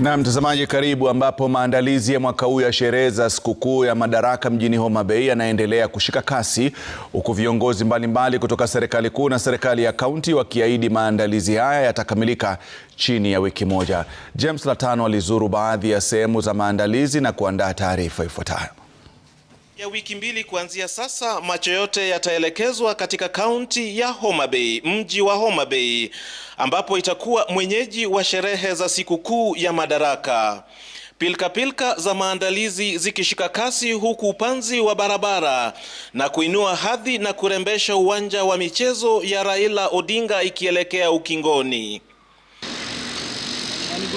Na mtazamaji, karibu ambapo maandalizi ya mwaka huu ya sherehe za sikukuu ya Madaraka mjini Homa Bay yanaendelea kushika kasi huku viongozi mbalimbali kutoka serikali kuu na serikali ya kaunti wakiahidi maandalizi haya yatakamilika chini ya wiki moja. James Latano alizuru baadhi ya sehemu za maandalizi na kuandaa taarifa ifuatayo ya wiki mbili kuanzia sasa, macho yote yataelekezwa katika kaunti ya Homa Bay, mji wa Homa Bay, ambapo itakuwa mwenyeji wa sherehe za sikukuu ya Madaraka. Pilkapilka -pilka za maandalizi zikishika kasi huku upanzi wa barabara na kuinua hadhi na kurembesha uwanja wa michezo ya Raila Odinga ikielekea ukingoni.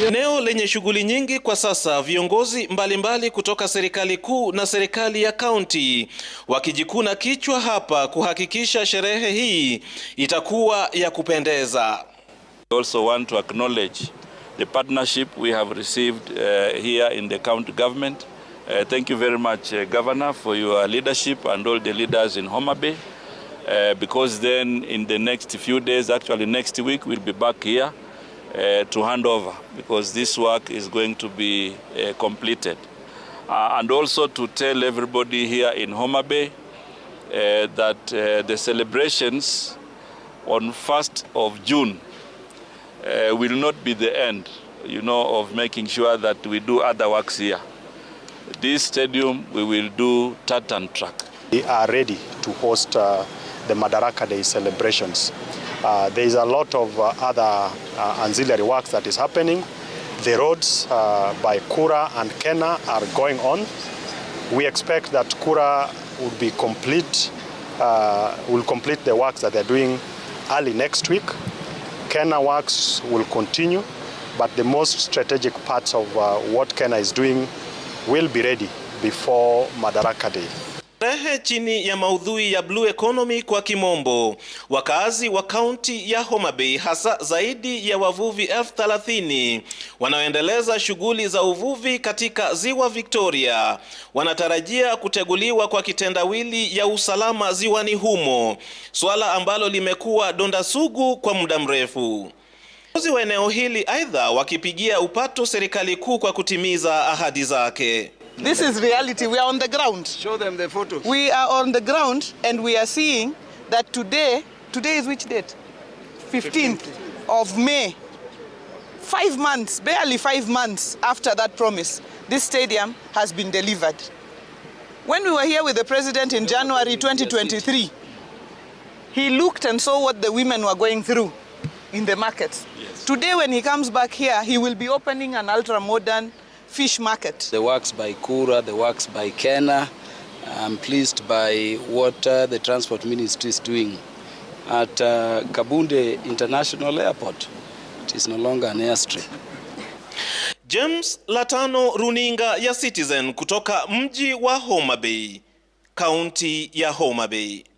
Eneo lenye shughuli nyingi kwa sasa, viongozi mbalimbali mbali kutoka serikali kuu na serikali ya kaunti wakijikuna kichwa hapa kuhakikisha sherehe hii itakuwa ya kupendeza. We also want to acknowledge the partnership we have received uh, here in the county government. Uh, thank you very much uh, Governor for your leadership and all the leaders in Homa Bay. Uh, because then in the next few days, actually next week, we'll be back here uh, to hand over because this work is going to be uh, completed. Uh, and also to tell everybody here in Homa Bay uh, that uh, the celebrations on 1st of June uh, will not be the end, you know, of making sure that we do other works here. This stadium, we will do tartan track. We are ready to host uh, the Madaraka Day celebrations. Uh, there is a lot of uh, other uh, ancillary works that is happening. The roads uh, by Kura and Kena are going on. We expect that Kura will be complete, uh, will complete the works that they're doing early next week. Kena works will continue, but the most strategic parts of uh, what Kena is doing will be ready before Madaraka Day. Rehe chini ya maudhui ya blue economy kwa kimombo. Wakazi wa kaunti ya Homa Bay, hasa zaidi ya wavuvi elfu thelathini wanaoendeleza shughuli za uvuvi katika ziwa Victoria wanatarajia kuteguliwa kwa kitendawili ya usalama ziwani humo, swala ambalo limekuwa donda sugu kwa muda mrefu. Viongozi wa eneo hili aidha wakipigia upato serikali kuu kwa kutimiza ahadi zake. This is reality. We are on the ground. Show them the photos. We are on the ground and we are seeing that today, today is which date? 15th, of May. Five months, barely five months after that promise, this stadium has been delivered. When we were here with the president in January 2023, he looked and saw what the women were going through in the markets. Yes. Today, when he comes back here, he will be opening an ultra-modern fish market. The works by Kura, the works by Kena. I'm pleased by what uh, the transport ministry is doing at uh, Kabunde International Airport. It is no longer an airstrip. James Latano, runinga ya Citizen kutoka mji wa Homa Bay, kaunti ya Homa Bay.